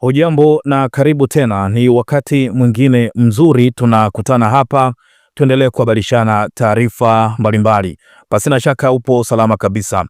Hujambo na karibu tena, ni wakati mwingine mzuri tunakutana hapa, tuendelee kuhabarishana taarifa mbalimbali. Pasina shaka upo salama kabisa.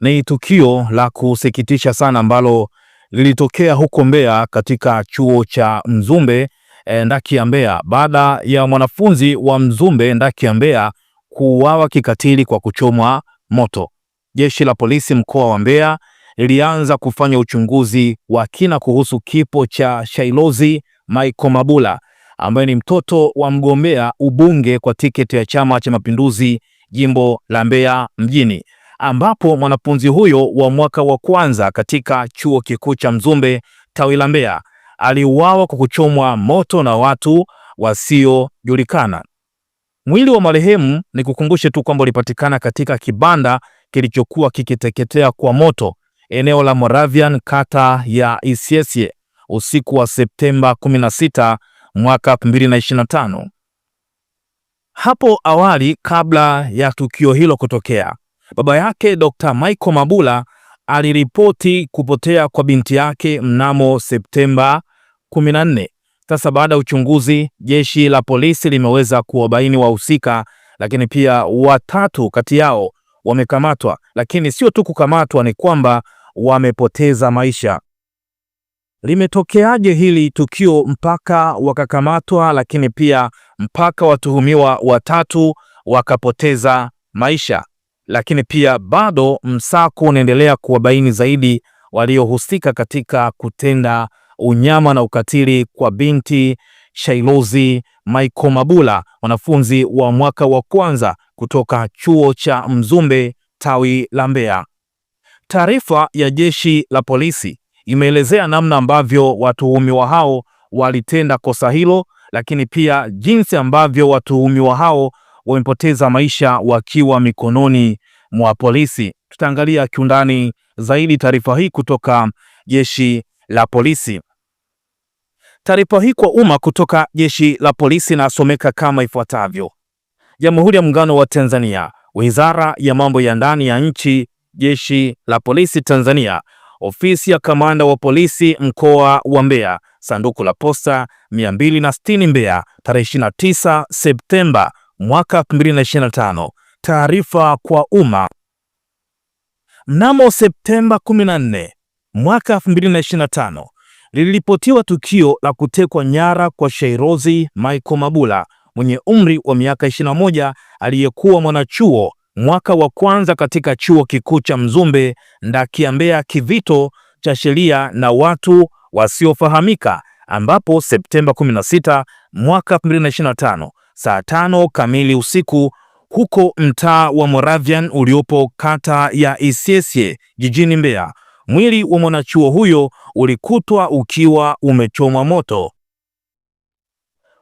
Ni tukio la kusikitisha sana ambalo lilitokea huko Mbeya katika chuo cha Mzumbe e, ndaki ya Mbeya, baada ya mwanafunzi wa Mzumbe ndaki ya Mbeya kuuawa kikatili kwa kuchomwa moto. Jeshi la polisi mkoa wa Mbeya lilianza kufanya uchunguzi wa kina kuhusu kifo cha Shyrose Michael Mabula ambaye ni mtoto wa mgombea ubunge kwa tiketi ya Chama cha Mapinduzi jimbo la Mbeya mjini, ambapo mwanafunzi huyo wa mwaka wa kwanza katika chuo kikuu cha Mzumbe tawi la Mbeya aliuawa kwa kuchomwa moto na watu wasiojulikana. Mwili wa marehemu, nikukumbushe tu kwamba ulipatikana katika kibanda kilichokuwa kikiteketea kwa moto eneo la Moravian, kata ya Isiesie usiku wa Septemba 16 mwaka 2025. Hapo awali, kabla ya tukio hilo kutokea, baba yake Dr. Michael Mabula aliripoti kupotea kwa binti yake mnamo Septemba 14. Sasa baada ya uchunguzi, jeshi la polisi limeweza kuwabaini wahusika, lakini pia watatu kati yao wamekamatwa. Lakini sio tu kukamatwa, ni kwamba wamepoteza maisha. Limetokeaje hili tukio mpaka wakakamatwa, lakini pia mpaka watuhumiwa watatu wakapoteza maisha? Lakini pia bado msako unaendelea kuwabaini zaidi waliohusika katika kutenda unyama na ukatili kwa binti Shailozi Michael Mabula, mwanafunzi wa mwaka wa kwanza kutoka chuo cha Mzumbe tawi la Mbeya. Taarifa ya jeshi la polisi imeelezea namna ambavyo watuhumiwa hao walitenda kosa hilo, lakini pia jinsi ambavyo watuhumiwa hao wamepoteza maisha wakiwa mikononi mwa polisi. Tutaangalia kiundani zaidi taarifa hii kutoka jeshi la polisi. Taarifa hii kwa umma kutoka jeshi la polisi inasomeka kama ifuatavyo: Jamhuri ya Muungano wa Tanzania, Wizara ya Mambo ya Ndani ya Nchi Jeshi la Polisi Tanzania, Ofisi ya Kamanda wa Polisi Mkoa wa Mbeya, Sanduku la Posta 260 Mbeya, tarehe 29 Septemba mwaka 2025. Taarifa kwa umma. Mnamo Septemba 14 mwaka 2025 liliripotiwa tukio la kutekwa nyara kwa Shyrose Michael Mabula mwenye umri wa miaka 21 aliyekuwa mwanachuo mwaka wa kwanza katika chuo kikuu cha Mzumbe ndakiambea kivito cha sheria na watu wasiofahamika, ambapo Septemba 16 mwaka 2025 saa tano kamili usiku huko mtaa wa Moravian uliopo kata ya Isyesye jijini Mbeya, mwili wa mwanachuo huyo ulikutwa ukiwa umechomwa moto.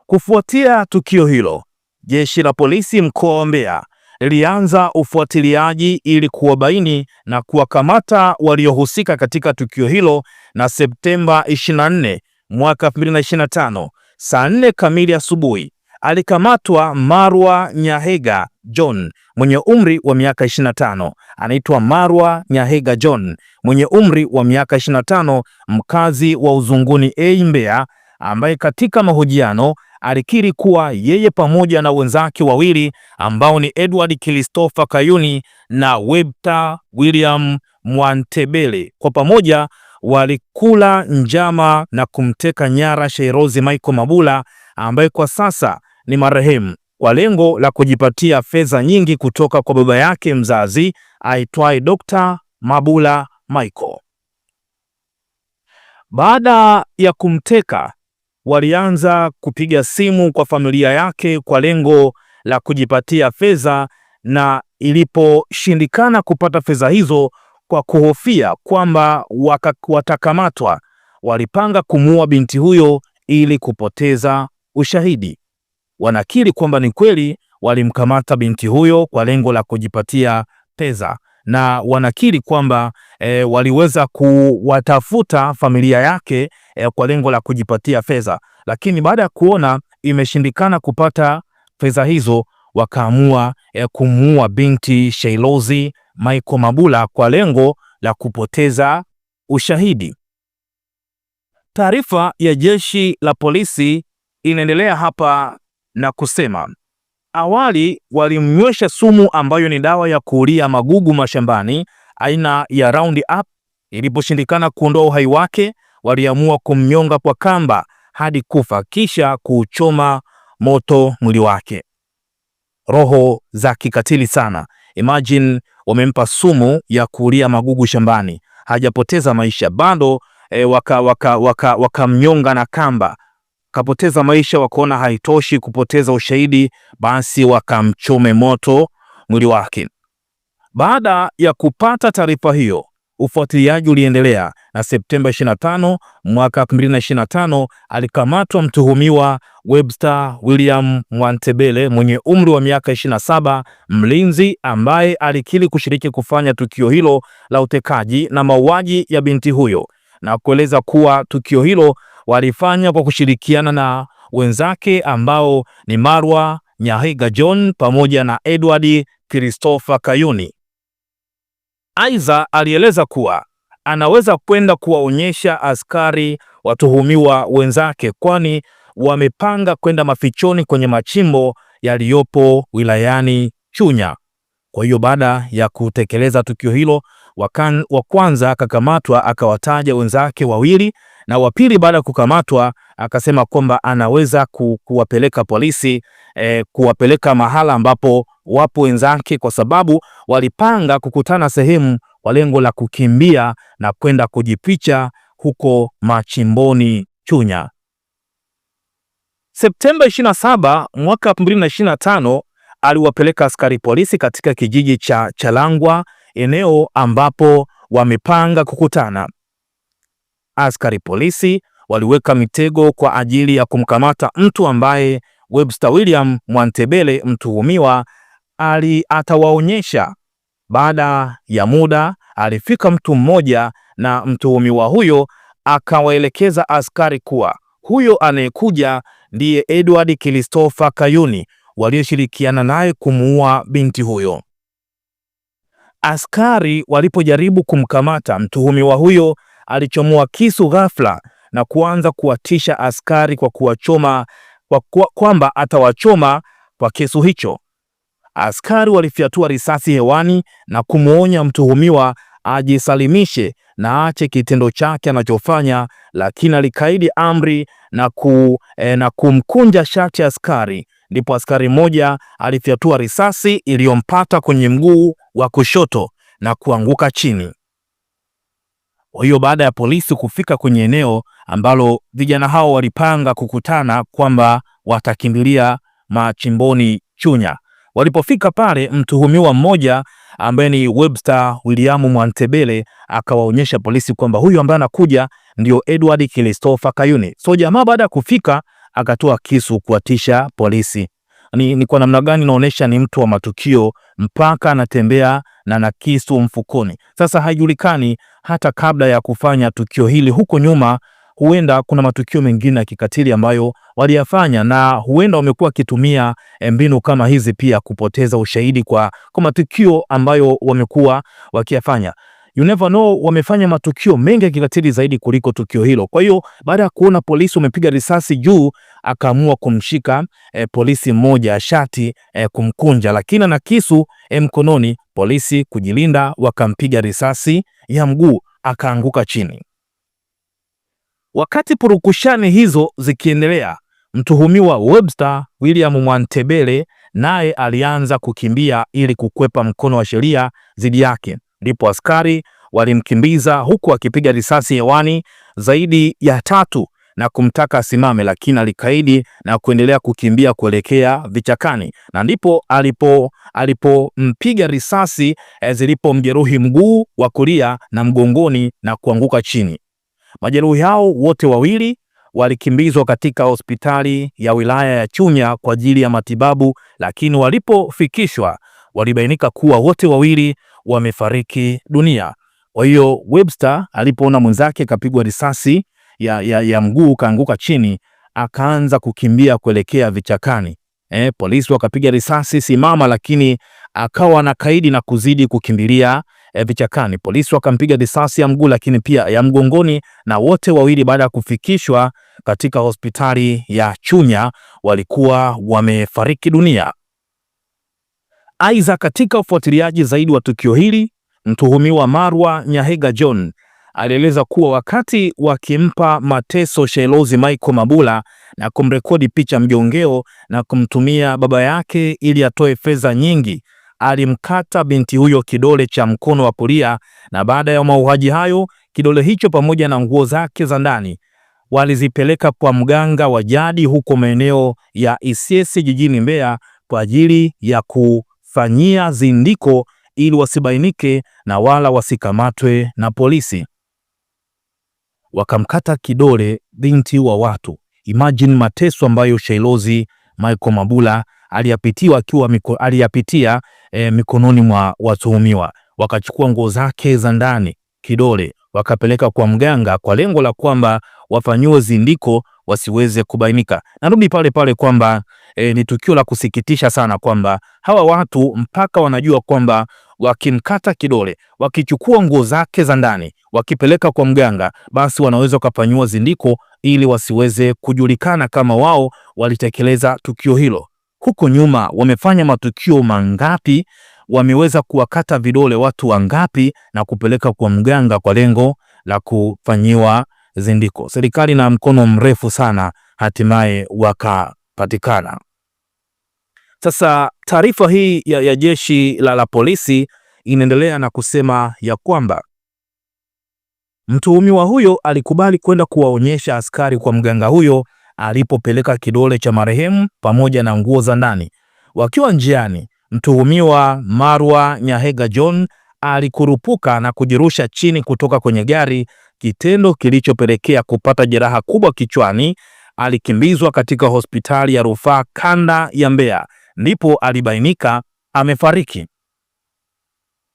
Kufuatia tukio hilo, jeshi la polisi mkoa wa Mbeya lilianza ufuatiliaji ili kuwabaini na kuwakamata waliohusika katika tukio hilo, na Septemba 24 mwaka 2025 saa 4 kamili asubuhi alikamatwa Marwa Nyahega John mwenye umri wa miaka 25. Anaitwa Marwa Nyahega John mwenye umri wa miaka 25, mkazi wa Uzunguni A Mbeya, ambaye katika mahojiano alikiri kuwa yeye pamoja na wenzake wawili ambao ni Edward Christopher Kayuni na Webster William Mwantebele kwa pamoja walikula njama na kumteka nyara Shyrose Michael Mabula ambaye kwa sasa ni marehemu kwa lengo la kujipatia fedha nyingi kutoka kwa baba yake mzazi aitwaye Dr. Mabula Michael. Baada ya kumteka walianza kupiga simu kwa familia yake kwa lengo la kujipatia fedha, na iliposhindikana kupata fedha hizo kwa kuhofia kwamba watakamatwa, walipanga kumuua binti huyo ili kupoteza ushahidi. Wanakiri kwamba ni kweli walimkamata binti huyo kwa lengo la kujipatia fedha na wanakiri kwamba e, waliweza kuwatafuta familia yake Eh, kwa lengo la kujipatia fedha, lakini baada ya kuona imeshindikana kupata fedha hizo wakaamua eh, kumuua binti Shailozi Michael Mabula kwa lengo la kupoteza ushahidi. Taarifa ya jeshi la polisi inaendelea hapa na kusema awali walimnywesha sumu ambayo ni dawa ya kuulia magugu mashambani aina ya Roundup. Iliposhindikana kuondoa uhai wake, waliamua kumnyonga kwa kamba hadi kufa kisha kuuchoma moto mwili wake. Roho za kikatili sana. Imagine wamempa sumu ya kulia magugu shambani, hajapoteza maisha bado e, eh, wakamnyonga waka, waka, waka na kamba, kapoteza maisha. Wakaona haitoshi kupoteza ushahidi, basi wakamchome moto mwili wake. Baada ya kupata taarifa hiyo, Ufuatiliaji uliendelea na Septemba 25 mwaka 2025 alikamatwa mtuhumiwa Webster William Mwantebele mwenye umri wa miaka 27, mlinzi ambaye alikiri kushiriki kufanya tukio hilo la utekaji na mauaji ya binti huyo na kueleza kuwa tukio hilo walifanya kwa kushirikiana na wenzake ambao ni Marwa Nyahiga John pamoja na Edward Christopher Kayuni. Aidha, alieleza kuwa anaweza kwenda kuwaonyesha askari watuhumiwa wenzake, kwani wamepanga kwenda mafichoni kwenye machimbo yaliyopo wilayani Chunya. Kwa hiyo baada ya kutekeleza tukio hilo, wa kwanza akakamatwa, akawataja wenzake wawili, na wa pili baada ya kukamatwa akasema kwamba anaweza ku, kuwapeleka polisi eh, kuwapeleka mahala ambapo wapo wenzake, kwa sababu walipanga kukutana sehemu kwa lengo la kukimbia na kwenda kujificha huko machimboni Chunya. Septemba 27 mwaka 2025 aliwapeleka askari polisi katika kijiji cha Chalangwa, eneo ambapo wamepanga kukutana. Askari polisi waliweka mitego kwa ajili ya kumkamata mtu ambaye Webster William Mwantebele mtuhumiwa ali atawaonyesha. Baada ya muda alifika mtu mmoja na mtuhumiwa huyo akawaelekeza askari kuwa huyo anayekuja ndiye Edward Christopher Kayuni walioshirikiana naye kumuua binti huyo. Askari walipojaribu kumkamata mtuhumiwa huyo alichomoa kisu ghafla na kuanza kuwatisha askari kwa kuwachoma kwa kwamba atawachoma kwa kisu hicho. Askari walifyatua risasi hewani na kumwonya mtuhumiwa ajisalimishe na aache kitendo chake anachofanya, lakini alikaidi amri na, ku, e, na kumkunja shati askari. Ndipo askari mmoja alifyatua risasi iliyompata kwenye mguu wa kushoto na kuanguka chini. Kwa hiyo baada ya polisi kufika kwenye eneo ambalo vijana hao walipanga kukutana kwamba watakimbilia machimboni Chunya, walipofika pale, mtuhumiwa mmoja ambaye ni Webster William Mwantebele akawaonyesha polisi kwamba huyu ambaye anakuja ndio Edward Christopher Kayuni. So jamaa baada ya kufika akatoa kisu kuwatisha polisi. Ni, ni kwa namna gani naonesha ni mtu wa matukio mpaka anatembea na na kisu mfukoni. Sasa haijulikani hata kabla ya kufanya tukio hili huko nyuma, huenda kuna matukio mengine ya kikatili ambayo waliyafanya, na huenda wamekuwa wakitumia eh, mbinu kama hizi pia kupoteza ushahidi kwa kwa matukio ambayo wamekuwa wakiyafanya. You never know, wamefanya matukio mengi ya kikatili zaidi kuliko tukio hilo. Kwa hiyo baada ya kuona polisi wamepiga risasi juu, akaamua kumshika eh, polisi mmoja shati eh, kumkunja, lakini ana kisu eh, mkononi Polisi kujilinda, wakampiga risasi ya mguu akaanguka chini. Wakati purukushani hizo zikiendelea, mtuhumiwa Webster William Mwantebele naye alianza kukimbia ili kukwepa mkono wa sheria dhidi yake, ndipo askari walimkimbiza huku akipiga risasi hewani zaidi ya tatu na kumtaka asimame, lakini alikaidi na kuendelea kukimbia kuelekea vichakani, na ndipo alipo alipompiga risasi eh, zilipomjeruhi mguu wa kulia na mgongoni na kuanguka chini. Majeruhi hao wote wawili walikimbizwa katika hospitali ya wilaya ya Chunya kwa ajili ya matibabu, lakini walipofikishwa walibainika kuwa wote wawili wamefariki dunia. Kwa hiyo Webster alipoona mwenzake kapigwa risasi ya, ya, ya mguu ukaanguka chini, akaanza kukimbia kuelekea vichakani. E, polisi wakapiga risasi simama, lakini akawa na kaidi na kuzidi kukimbilia e, vichakani. Polisi wakampiga risasi ya mguu lakini pia ya mgongoni, na wote wawili baada ya kufikishwa katika hospitali ya Chunya walikuwa wamefariki dunia. Aidha, katika ufuatiliaji zaidi wa tukio hili, mtuhumiwa Marwa Nyahega John alieleza kuwa wakati wakimpa mateso Shelozi Michael Mabula na kumrekodi picha mjongeo na kumtumia baba yake ili atoe fedha nyingi, alimkata binti huyo kidole cha mkono wa kulia, na baada ya mauaji hayo kidole hicho pamoja na nguo zake za ndani walizipeleka kwa mganga wa jadi huko maeneo ya Isyesye jijini Mbeya kwa ajili ya kufanyia zindiko ili wasibainike na wala wasikamatwe na polisi wakamkata kidole binti wa watu. Imagine mateso ambayo Shyrose Michael Mabula aliyapitiwa akiwa miko, aliyapitia e, mikononi mwa watuhumiwa. Wakachukua nguo zake za ndani, kidole wakapeleka kwa mganga kwa lengo la kwamba wafanyiwe zindiko wasiweze kubainika. Narudi pale pale kwamba e, ni tukio la kusikitisha sana kwamba hawa watu mpaka wanajua kwamba wakimkata kidole, wakichukua nguo zake za ndani, wakipeleka kwa mganga, basi wanaweza wakafanyiwa zindiko ili wasiweze kujulikana kama wao walitekeleza tukio hilo. Huko nyuma wamefanya matukio mangapi? Wameweza kuwakata vidole watu wangapi na kupeleka kwa mganga kwa lengo la kufanyiwa zindiko? Serikali na mkono mrefu sana, hatimaye wakapatikana. Sasa taarifa hii ya, ya jeshi la, la polisi inaendelea na kusema ya kwamba mtuhumiwa huyo alikubali kwenda kuwaonyesha askari kwa mganga huyo alipopeleka kidole cha marehemu pamoja na nguo za ndani. Wakiwa njiani, mtuhumiwa Marwa Nyahega John alikurupuka na kujirusha chini kutoka kwenye gari, kitendo kilichopelekea kupata jeraha kubwa kichwani. Alikimbizwa katika hospitali ya rufaa kanda ya Mbeya ndipo alibainika amefariki.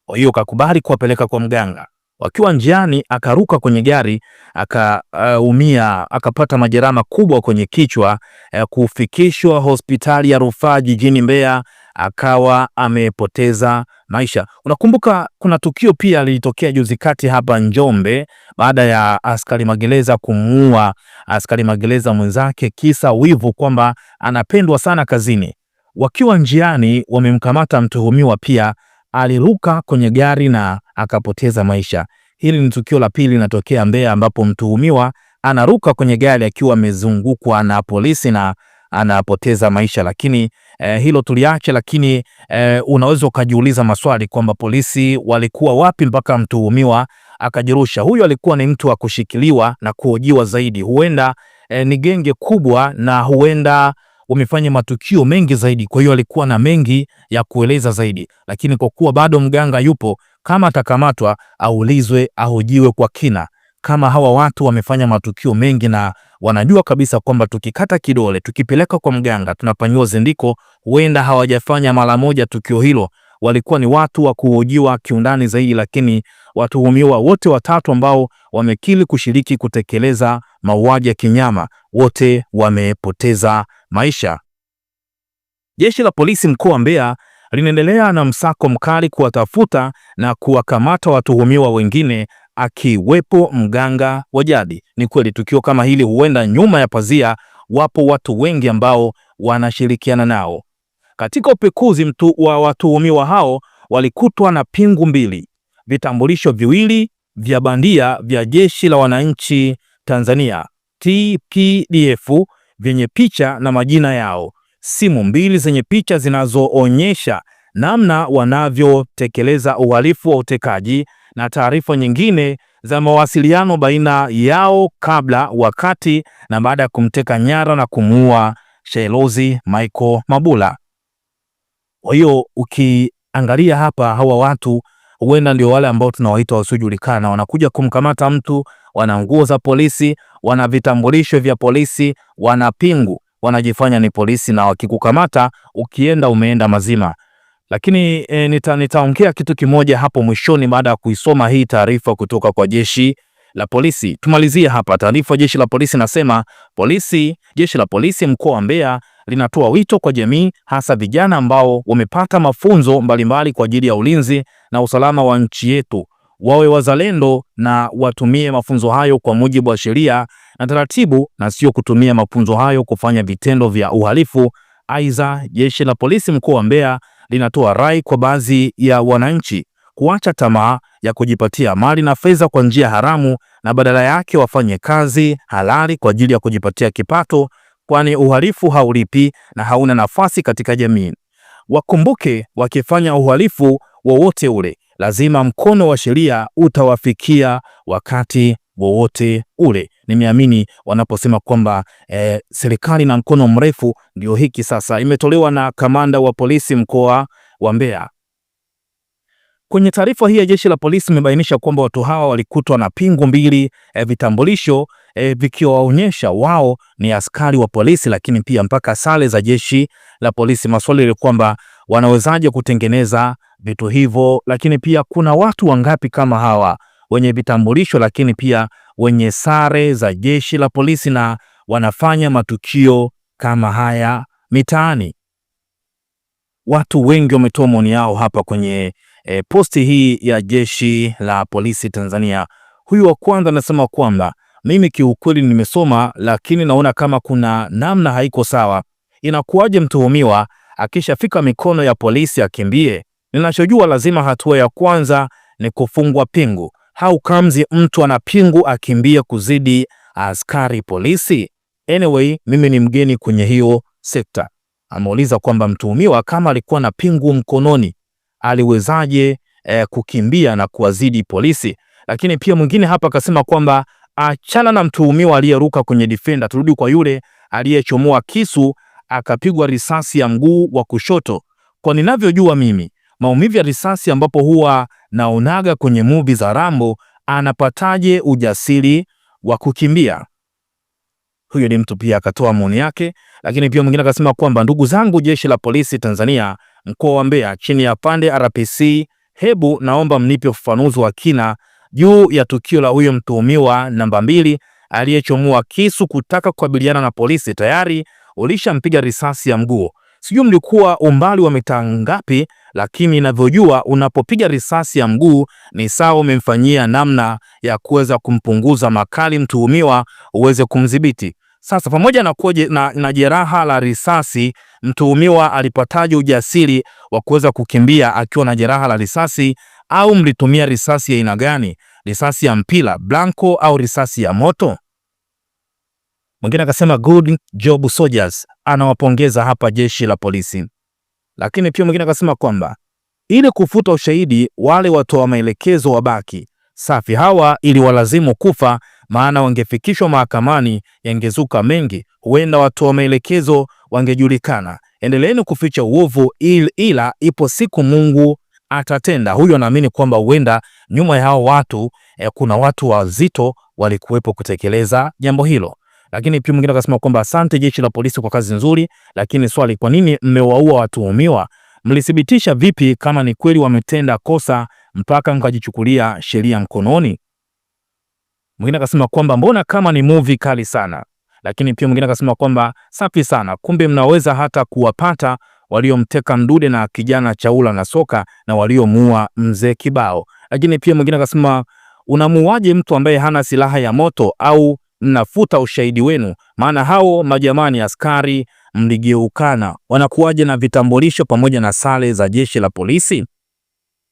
Kwa hiyo kakubali kuwapeleka kwa mganga. Wakiwa njiani, akaruka kwenye gari akaumia, uh, akapata majeraha makubwa kwenye kichwa, uh, kufikishwa hospitali ya rufaa jijini Mbeya, akawa amepoteza maisha. Unakumbuka kuna tukio pia lilitokea juzi kati hapa Njombe, baada ya askari magereza kumuua askari magereza mwenzake, kisa wivu kwamba anapendwa sana kazini. Wakiwa njiani wamemkamata mtuhumiwa pia aliruka kwenye gari na akapoteza maisha. Hili ni tukio la pili linatokea Mbeya, ambapo mtuhumiwa anaruka kwenye gari akiwa amezungukwa na polisi na anapoteza maisha, lakini eh, hilo tuliache. Lakini eh, unaweza ukajiuliza maswali kwamba polisi walikuwa wapi mpaka mtuhumiwa akajirusha? Huyu alikuwa ni mtu wa kushikiliwa na kuhojiwa zaidi, huenda eh, ni genge kubwa na huenda wamefanya matukio mengi zaidi, kwa hiyo alikuwa na mengi ya kueleza zaidi, lakini kwa kuwa bado mganga yupo, kama atakamatwa aulizwe, ahojiwe kwa kina kama hawa watu wamefanya matukio mengi na wanajua kabisa kwamba tukikata kidole tukipeleka kwa mganga tunafanyiwa zindiko, huenda hawajafanya mara moja tukio hilo, walikuwa ni watu wa kuhojiwa kiundani zaidi, lakini watuhumiwa wote watatu ambao wamekili kushiriki kutekeleza mauaji ya kinyama wote wamepoteza maisha. Jeshi la polisi mkoa wa Mbeya linaendelea na msako mkali kuwatafuta na kuwakamata watuhumiwa wengine akiwepo mganga wa jadi. Ni kweli tukio kama hili huenda nyuma ya pazia wapo watu wengi ambao wanashirikiana nao. Katika upekuzi mtu wa watuhumiwa hao walikutwa na pingu mbili, vitambulisho viwili vya bandia vya Jeshi la Wananchi Tanzania TPDF vyenye picha na majina yao, simu mbili zenye picha zinazoonyesha namna wanavyotekeleza uhalifu wa utekaji na taarifa nyingine za mawasiliano baina yao kabla, wakati na baada ya kumteka nyara na kumuua Shelozi Michael Mabula. Kwa hiyo ukiangalia hapa, hawa watu huenda ndio wale ambao tunawaita wasiojulikana, wanakuja kumkamata mtu, wana nguo za polisi, wana vitambulisho vya polisi, wana pingu, wanajifanya ni polisi, na wakikukamata ukienda umeenda mazima. Lakini e, nitaongea nita kitu kimoja hapo mwishoni baada ya kuisoma hii taarifa kutoka kwa jeshi la polisi. Tumalizie hapa taarifa jeshi la polisi nasema, polisi jeshi la polisi mkoa wa Mbeya linatoa wito kwa jamii, hasa vijana ambao wamepata mafunzo mbalimbali kwa ajili ya ulinzi na usalama wa nchi yetu, wawe wazalendo na watumie mafunzo hayo kwa mujibu wa sheria na taratibu, na sio kutumia mafunzo hayo kufanya vitendo vya uhalifu. Aidha, jeshi la polisi mkoa wa Mbeya linatoa rai kwa baadhi ya wananchi kuacha tamaa ya kujipatia mali na fedha kwa njia haramu na badala yake wafanye kazi halali kwa ajili ya kujipatia kipato kwani uhalifu haulipi na hauna nafasi katika jamii. Wakumbuke wakifanya uhalifu wowote ule, lazima mkono wa sheria utawafikia wakati wowote ule. Nimeamini wanaposema kwamba e, serikali na mkono mrefu ndio hiki sasa, imetolewa na kamanda wa polisi mkoa wa Mbeya. Kwenye taarifa hii ya jeshi la polisi imebainisha kwamba watu hawa walikutwa na pingu mbili, e, vitambulisho e, vikiwaonyesha wao ni askari wa polisi, lakini pia mpaka sare za jeshi la polisi. Maswali ni kwamba wanawezaje kutengeneza vitu hivyo, lakini pia kuna watu wangapi kama hawa wenye vitambulisho, lakini pia wenye sare za jeshi la polisi na wanafanya matukio kama haya mitaani. Watu wengi wametoa maoni yao hapa kwenye e, posti hii ya jeshi la polisi Tanzania. Huyu wa kwanza anasema kwamba mimi kiukweli nimesoma, lakini naona kama kuna namna haiko sawa. Inakuwaje mtuhumiwa akishafika mikono ya polisi akimbie? Ninachojua lazima hatua ya kwanza ni kufungwa pingu. How comes mtu ana pingu akimbie kuzidi askari polisi? Anyway, mimi ni mgeni kwenye hiyo sekta. Ameuliza kwamba mtuhumiwa kama alikuwa na pingu mkononi aliwezaje eh, kukimbia na kuwazidi polisi. Lakini pia mwingine hapa akasema kwamba Achana na mtuhumiwa aliyeruka kwenye defender, turudi kwa yule aliyechomoa kisu akapigwa risasi ya mguu wa kushoto. Kwa ninavyojua mimi, maumivu ya risasi ambapo huwa naonaga kwenye muvi za Rambo, anapataje ujasiri wa kukimbia? Huyo ni mtu pia akatoa maoni yake, lakini pia mwingine akasema kwamba ndugu zangu, jeshi la polisi Tanzania mkoa wa Mbeya chini ya pande RPC, hebu naomba mnipe ufafanuzi wa kina juu ya tukio la huyo mtuhumiwa namba mbili aliyechomua kisu kutaka kukabiliana na polisi, tayari ulishampiga risasi ya mguu. Sijui mlikuwa umbali wa mita ngapi, lakini ninavyojua unapopiga risasi ya mguu ni sawa umemfanyia namna ya kuweza kumpunguza makali mtuhumiwa uweze kumdhibiti. Sasa pamoja na, na, na jeraha la risasi, mtuhumiwa alipataje ujasiri wa kuweza kukimbia akiwa na jeraha la risasi au mlitumia risasi ya aina gani? Risasi ya mpira blanco au risasi ya moto? Mwingine akasema good job soldiers, anawapongeza hapa jeshi la polisi. Lakini pia mwingine akasema kwamba ili kufuta ushahidi wale watoa maelekezo wabaki safi. Hawa ili walazimu kufa, maana wangefikishwa mahakamani yangezuka mengi, huenda watoa maelekezo wangejulikana. Endeleeni kuficha uovu ila ipo siku Mungu atatenda. Huyo anaamini kwamba huenda nyuma ya hao watu eh, kuna watu wazito walikuwepo kutekeleza jambo hilo. Lakini pia mwingine akasema kwamba asante jeshi la polisi kwa kazi nzuri, lakini swali, kwa nini mmewaua watuhumiwa? Mlithibitisha vipi kama ni kweli wametenda kosa mpaka mkajichukulia sheria mkononi? Mwingine akasema kwamba mbona kama ni movie kali sana. Lakini pia mwingine akasema kwamba safi sana, kumbe mnaweza hata kuwapata waliomteka Mdude na kijana Chaula na Soka na waliomuua mzee Kibao. Lakini pia mwingine akasema unamuuaje mtu ambaye hana silaha ya moto au mnafuta ushahidi wenu? Maana hao majamani askari mligeukana, wanakuwaje na vitambulisho pamoja na sare za jeshi la polisi?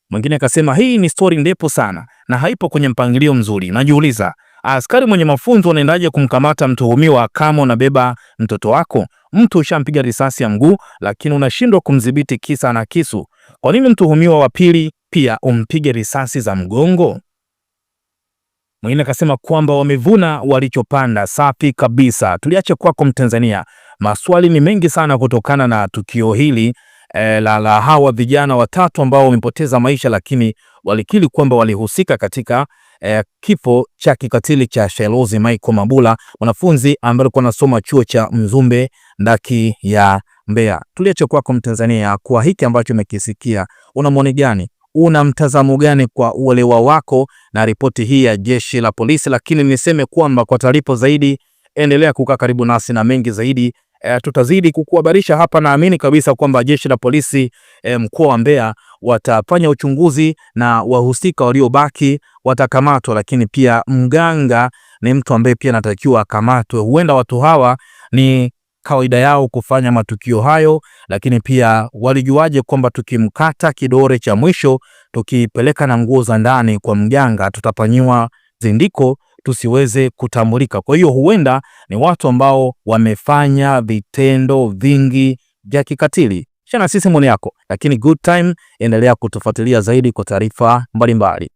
Mwingine akasema hii ni stori ndefu sana na haipo kwenye mpangilio mzuri. Najiuliza, askari mwenye mafunzo wanaendaje kumkamata mtuhumiwa kama unabeba mtoto wako? Mtu ushampiga risasi ya mguu, lakini unashindwa kumdhibiti kisa na kisu. Kwa nini mtuhumiwa wa pili pia umpige risasi za mgongo? Mwingine akasema kwamba wamevuna walichopanda. Safi kabisa, tuliache kwako Mtanzania. Maswali ni mengi sana kutokana na tukio hili e, la, la hawa vijana watatu ambao wamepoteza maisha, lakini walikiri kwamba walihusika katika eh, kifo cha kikatili cha Shyrose Michael Mabula, mwanafunzi ambaye alikuwa anasoma chuo cha Mzumbe ndaki ya Mbeya. Tuliacho kwako Mtanzania, kwa hiki ambacho umekisikia, una maoni gani? Una mtazamo gani kwa uelewa wako na ripoti hii ya jeshi la polisi? Lakini niseme kwamba kwa taarifa zaidi, endelea kukaa karibu nasi na mengi zaidi e, tutazidi kukuhabarisha hapa. Naamini kabisa kwamba jeshi la polisi e, mkoa wa Mbeya watafanya uchunguzi na wahusika waliobaki watakamatwa, lakini pia mganga ni mtu ambaye pia anatakiwa akamatwe. Huenda watu hawa ni kawaida yao kufanya matukio hayo, lakini pia walijuaje kwamba tukimkata kidore cha mwisho tukipeleka na nguo za ndani kwa mganga tutafanyiwa zindiko tusiweze kutambulika? Kwa hiyo huenda ni watu ambao wamefanya vitendo vingi vya kikatili na sisi moni yako, lakini good time, endelea kutufuatilia zaidi kwa taarifa mbalimbali.